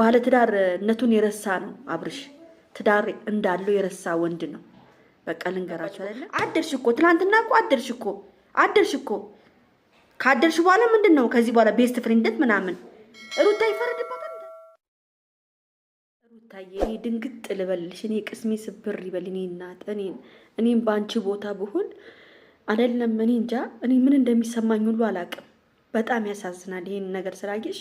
ባለትዳርነቱን የረሳ ነው አብርሽ። ትዳር እንዳለው የረሳ ወንድ ነው። በቃ ልንገራቸው አለ። አደርሽ እኮ ትናንትና እኮ አደርሽ እኮ አደርሽ እኮ ካደርሽ በኋላ ምንድን ነው ከዚህ በኋላ ቤስት ፍሬንደት ምናምን ሩታ ይፈረድባታል። ሩታዬ እኔ ድንግጥ ልበልሽ፣ እኔ ቅስሜ ስብር ይበል። እኔ እናት እኔን እኔም በአንቺ ቦታ ብሆን አይደለም እኔ እንጃ እኔ ምን እንደሚሰማኝ ሁሉ አላውቅም። በጣም ያሳዝናል ይሄን ነገር ስላየሽ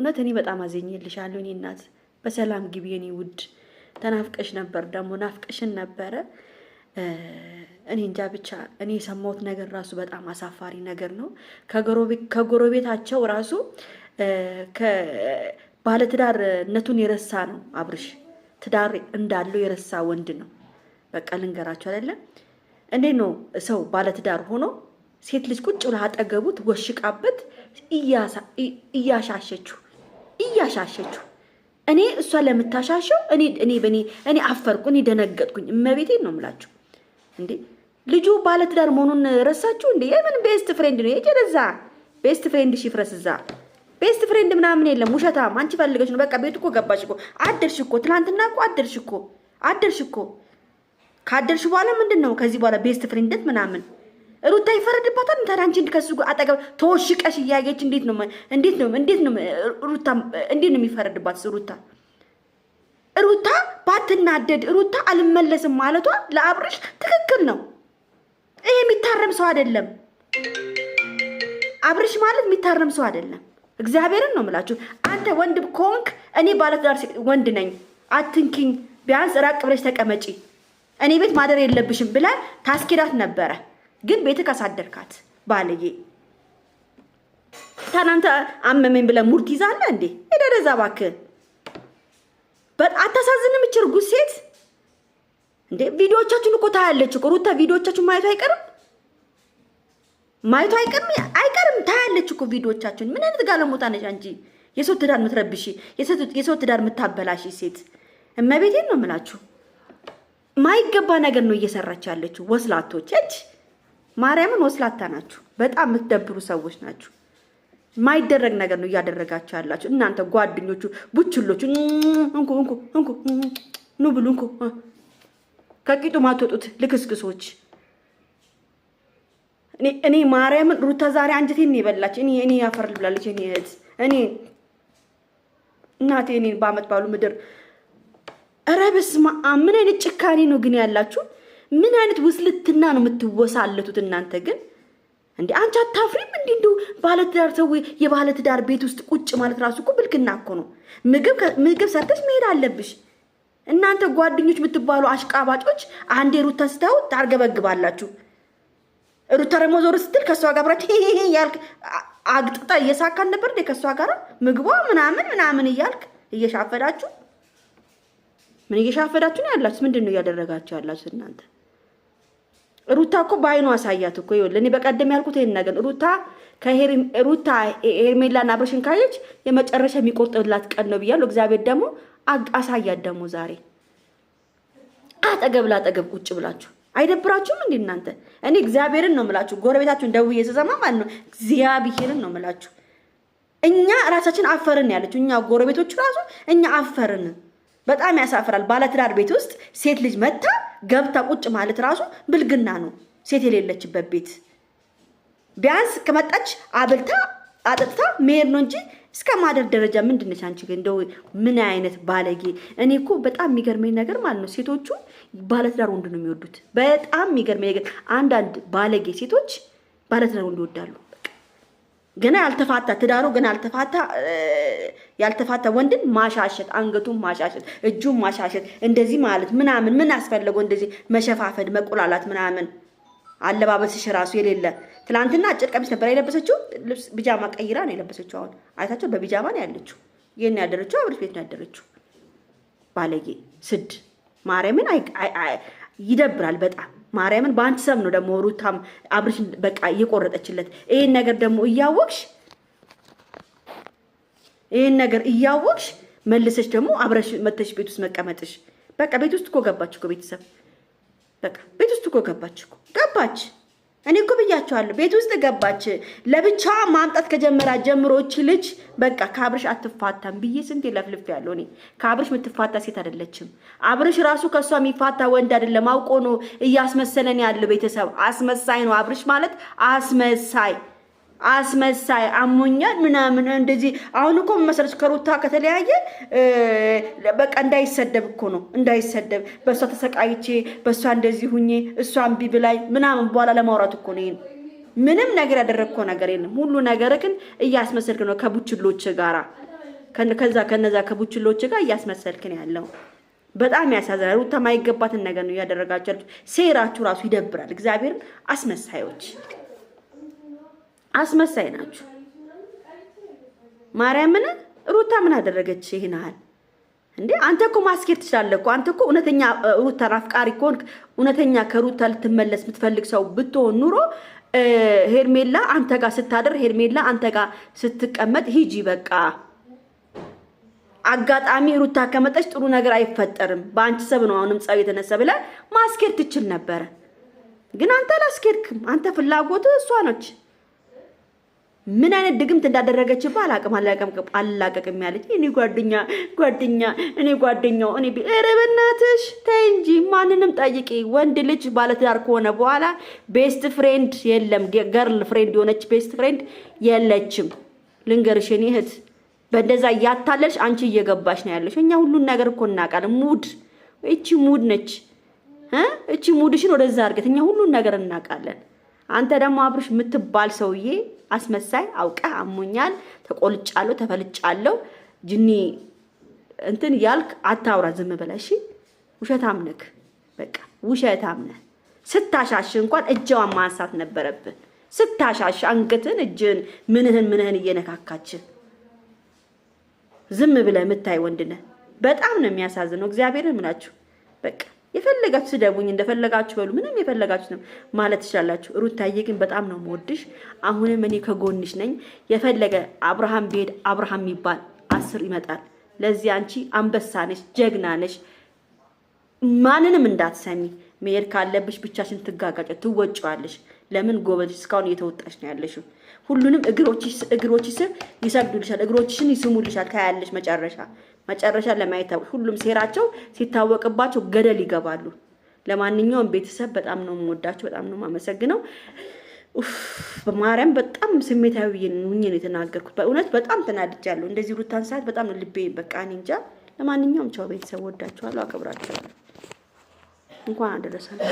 እውነት እኔ በጣም አዘኝልሻለሁ። እኔ እናት በሰላም ግቢ የኔ ውድ። ተናፍቀሽ ነበር ደግሞ ናፍቀሽን ነበረ። እኔ እንጃ ብቻ እኔ የሰማሁት ነገር ራሱ በጣም አሳፋሪ ነገር ነው። ከጎረቤታቸው ራሱ ባለትዳርነቱን የረሳ ነው አብርሽ፣ ትዳር እንዳለው የረሳ ወንድ ነው። በቃ ልንገራቸው አይደለም እንዴ ነው ሰው ባለትዳር ሆኖ ሴት ልጅ ቁጭ ብላ አጠገቡ ወሽቃበት እያሻሸችው እያሻሸችው እኔ እሷ ለምታሻሸው እኔ እኔ በእኔ እኔ አፈርኩ፣ እኔ ደነገጥኩኝ። እመቤቴን ነው የምላችሁ። እንዴ ልጁ ባለትዳር መሆኑን ረሳችሁ እንዴ? የምን ቤስት ፍሬንድ ነው የጀለዛ ቤስት ፍሬንድ ሽፍረስ እዛ ቤስት ፍሬንድ ምናምን የለም። ውሸታም አንቺ ፈልገሽ ነው። በቃ ቤትኮ እኮ ገባሽ እኮ አደርሽ እኮ ትናንትና እኮ አደርሽ እኮ አደርሽ እኮ ካደርሽ በኋላ ምንድን ነው ከዚህ በኋላ ቤስት ፍሬንድት ምናምን ሩታ ይፈረድባታል። እንታ አንቺ ከሱ አጠገብ ተወሽቀሽ እያየች እንዴት ነው እንዴት ነው እንዴት ነው ሩታ እንዴት ነው የሚፈረድባት? ሩታ ሩታ ባትናደድ ሩታ አልመለስም ማለቷ ለአብርሽ ትክክል ነው። ይሄ የሚታረም ሰው አይደለም። አብርሽ ማለት የሚታረም ሰው አይደለም። እግዚአብሔርን ነው የምላችሁ። አንተ ወንድ ከሆንክ እኔ ባለትዳር ወንድ ነኝ አትንኪኝ፣ ቢያንስ ራቅ ብለሽ ተቀመጪ፣ እኔ ቤት ማደር የለብሽም ብለ ታስኪዳት ነበረ። ግን ቤት ካሳደርካት ባልዬ ታናንተ አመመኝ ብለ ሙርት ይዛለ እንዴ? ሄደደዛ እባክህ አታሳዝንም? እች እርጉዝ ሴት እንዴ! ቪዲዮቻችሁን እኮ ታያለች እኮ ሩታ። ቪዲዮቻችሁን ማየቱ አይቀርም ማየቱ አይቀርም አይቀርም። ታያለች እኮ ቪዲዮቻችሁን። ምን አይነት ጋለሞታ ነሽ አንቺ? የሰው ትዳር የምትረብሺ፣ የሰው ትዳር የምታበላሽ ሴት እመቤቴን ነው የምላችሁ። ማይገባ ነገር ነው እየሰራች ያለችው። ወስላቶች እች ማርያምን ወስላታ ናችሁ። በጣም የምትደብሩ ሰዎች ናችሁ። የማይደረግ ነገር ነው እያደረጋችሁ ያላችሁ እናንተ ጓደኞቹ ቡችሎቹ። እንኩ እንኩ እንኩ ኑ ብሉ እንኩ ከቂጡ ማትወጡት ልክስክሶች። እኔ ማርያምን ሩታ ዛሬ አንጀቴን ነው የበላች። እኔ እኔ ያፈር ልብላለች። እኔ እህት እኔ እናቴ እኔን በአመት ባሉ ምድር ኧረ በስመ ምን አይነት ጭካኔ ነው ግን ያላችሁ? ምን አይነት ውስልትና ነው የምትወሳለቱት እናንተ ግን? እንዴ አንቺ አታፍሪም? እንዲ እንዲሁ ባለትዳር ሰው የባለትዳር ቤት ውስጥ ቁጭ ማለት ራሱ እኮ ብልግና እኮ ነው። ምግብ ምግብ ሰርተሽ መሄድ አለብሽ። እናንተ ጓደኞች የምትባሉ አሽቃባጮች አንዴ ሩታ ስታዩ ታርገበግባላችሁ። ሩታ ደግሞ ዞር ስትል ከእሷ ጋር ብራችሁ ያልክ አግጥጣ እየሳካን ነበር እንዴ ከእሷ ጋር ምግቧ ምናምን ምናምን እያልክ እየሻፈዳችሁ ምን እየሻፈዳችሁ ነው ያላችሁ? ምንድን ነው እያደረጋችሁ ያላችሁ እናንተ? ሩታ እኮ በአይኑ አሳያት እኮ ይኸውልህ፣ እኔ በቀደም ያልኩት ይህን ነገር ሩታ ከሩታ ሄርሜላና አብረሽን ካየች የመጨረሻ የሚቆርጥላት ቀን ነው ብያለሁ። እግዚአብሔር ደግሞ አሳያት። ደግሞ ዛሬ አጠገብ ላጠገብ ቁጭ ብላችሁ አይደብራችሁም እንዴ እናንተ? እኔ እግዚአብሔርን ነው የምላችሁ፣ ጎረቤታችሁን ደውዬ ስሰማ ማለት ነው እግዚአብሔርን ነው ምላችሁ። እኛ ራሳችን አፈርን ያለችው እኛ ጎረቤቶቹ ራሱ እኛ አፈርን። በጣም ያሳፍራል። ባለትዳር ቤት ውስጥ ሴት ልጅ መታ ገብታ ቁጭ ማለት ራሱ ብልግና ነው። ሴት የሌለችበት ቤት ቢያንስ ከመጣች አብልታ አጠጥታ መሄድ ነው እንጂ እስከ ማደር ደረጃ ምንድን ነች አንቺ? እንደው ምን አይነት ባለጌ! እኔ እኮ በጣም የሚገርመኝ ነገር ማለት ነው ሴቶቹ ባለትዳር ወንድ ነው የሚወዱት። በጣም የሚገርመኝ ነገር አንዳንድ ባለጌ ሴቶች ባለትዳር ወንድ ይወዳሉ። ገና ያልተፋታ ትዳሩ ገና ያልተፋታ ያልተፋታ ወንድን ማሻሸት፣ አንገቱን ማሻሸት፣ እጁን ማሻሸት እንደዚህ ማለት ምናምን ምን አስፈለገው? እንደዚህ መሸፋፈድ፣ መቆላላት ምናምን አለባበስሽ ራሱ የሌለ ትናንትና አጭር ቀሚስ ነበር የለበሰችው። ልብስ ቢጃማ ቀይራ ነው የለበሰችው። አሁን አይታቸው በቢጃማ ነው ያለችው። ይሄን ያደረችው አብሬት ቤት ነው ያደረችው። ባለጌ ስድ ማርያምን ይደብራል በጣም ማርያምን በአንድ ሰም ነው ደግሞ ሩታም አብርሽ በቃ እየቆረጠችለት። ይህን ነገር ደግሞ እያወቅሽ ይህን ነገር እያወቅሽ መልሰሽ ደግሞ አብረሽ መተሽ ቤት ውስጥ መቀመጥሽ በቃ ቤት ውስጥ እኮ ገባች እኮ ቤተሰብ በቃ ቤት ውስጥ እኮ ገባች እኮ ገባች። እኔ እኮ ብያቸዋለሁ። ቤት ውስጥ ገባች ለብቻ ማምጣት ከጀመራ ጀምሮች ልጅ በቃ ከአብርሽ አትፋታም ብዬ ስንቴ ለፍልፍ ያለው እኔ ከአብርሽ የምትፋታ ሴት አይደለችም። አብርሽ ራሱ ከእሷ የሚፋታ ወንድ አይደለም። አውቆ ነው እያስመሰለን ያለው። ቤተሰብ አስመሳይ ነው። አብርሽ ማለት አስመሳይ አስመሳይ አሞኛል ምናምን እንደዚህ። አሁን እኮ መሰለች ከሩታ ከተለያየ በቃ እንዳይሰደብ እኮ ነው እንዳይሰደብ፣ በእሷ ተሰቃይቼ በእሷ እንደዚህ ሁኜ እሷ እምቢ ብላኝ ምናምን በኋላ ለማውራት እኮ ነው። ምንም ነገር ያደረግከው ነገር የለም። ሁሉ ነገር ግን እያስመሰልክ ነው ከቡችሎች ጋራ ከዛ ከነዛ ከቡችሎች ጋር እያስመሰልክ ነው ያለው። በጣም ያሳዝናል። ሩታ ማይገባትን ነገር ነው እያደረጋችሁ። ሴራችሁ ራሱ ይደብራል። እግዚአብሔርን አስመሳዮች አስመሳይ ናችሁ። ማርያምን ሩታ ምን አደረገች? ይህን ያህል እንዴ? አንተ እኮ ማስኬድ ትችላለህ እኮ አንተ እኮ እውነተኛ ሩታ አፍቃሪ ከሆንክ እውነተኛ ከሩታ ልትመለስ የምትፈልግ ሰው ብትሆን ኑሮ ሄርሜላ አንተ ጋር ስታደር፣ ሄርሜላ አንተ ጋር ስትቀመጥ ሂጂ በቃ አጋጣሚ ሩታ ከመጠች ጥሩ ነገር አይፈጠርም። በአንቺ ሰብ ነው አሁንም ጸብ የተነሳ ብለህ ማስኬድ ትችል ነበረ። ግን አንተ አላስኬድክም። አንተ ፍላጎት እሷ ነች። ምን አይነት ድግምት እንዳደረገች እንዳደረገችባ አላቅም አላቅም አላቀቅም ያለች እኔ ጓደኛ ጓደኛ እኔ ጓደኛው እኔ ኧረ በእናትሽ ተይ እንጂ ማንንም ጠይቂ። ወንድ ልጅ ባለትዳር ከሆነ በኋላ ቤስት ፍሬንድ የለም። ገርል ፍሬንድ የሆነች ቤስት ፍሬንድ የለችም። ልንገርሽ እኔ እህት በእንደዛ እያታለልሽ አንቺ እየገባሽ ነው ያለሽ። እኛ ሁሉን ነገር እኮ እናውቃለን። ሙድ እቺ ሙድ ነች። እቺ ሙድሽን ወደዛ አድርገት። እኛ ሁሉን ነገር እናውቃለን። አንተ ደግሞ አብርሽ የምትባል ሰውዬ አስመሳይ አውቀህ አሞኛል፣ ተቆልጫለሁ፣ ተፈልጫለሁ ጅኒ እንትን ያልክ አታውራ። ዝም ብለህ እሺ። ውሸታም ነህ፣ በቃ ውሸታም ነህ። ስታሻሽ እንኳን እጃዋን ማንሳት ነበረብን። ስታሻሽ አንገትን፣ እጅን፣ ምንህን ምንህን እየነካካች ዝም ብለህ የምታይ ወንድ ነህ። በጣም ነው የሚያሳዝነው። እግዚአብሔርን ምላችሁ በቃ የፈለጋችሁ ስደቡኝ፣ እንደፈለጋችሁ በሉ፣ ምንም የፈለጋችሁ ነው ማለት ትችላላችሁ። ሩታዬ ግን በጣም ነው የምወድሽ። አሁንም እኔ ከጎንሽ ነኝ። የፈለገ አብርሃም ብሄድ አብርሃም የሚባል አስር ይመጣል። ለዚህ አንቺ አንበሳ ነሽ፣ ጀግና ነሽ። ማንንም እንዳትሰሚ። መሄድ ካለብሽ ብቻሽን ትጋጋጨ ትወጫዋለሽ። ለምን ጎበዝ እስካሁን እየተወጣሽ ነው ያለሽው። ሁሉንም እግሮችሽ እግሮችሽ ይሰግዱልሻል፣ እግሮችሽን ይስሙልሻል። ከያለሽ መጨረሻ መጨረሻ ለማየት ሁሉም ሴራቸው ሲታወቅባቸው ገደል ይገባሉ። ለማንኛውም ቤተሰብ በጣም ነው የምወዳቸው፣ በጣም ነው የማመሰግነው። በማርያም በጣም ስሜታዊ ሁኜ ነው የተናገርኩት። በእውነት በጣም ተናድጃለሁ። እንደዚህ ሩታን ሰዓት በጣም ነው ልቤ በቃ እኔ እንጃ። ለማንኛውም ቻው ቤተሰብ፣ ወዳችኋለሁ፣ አከብራችኋለሁ። እንኳን አደረሰን።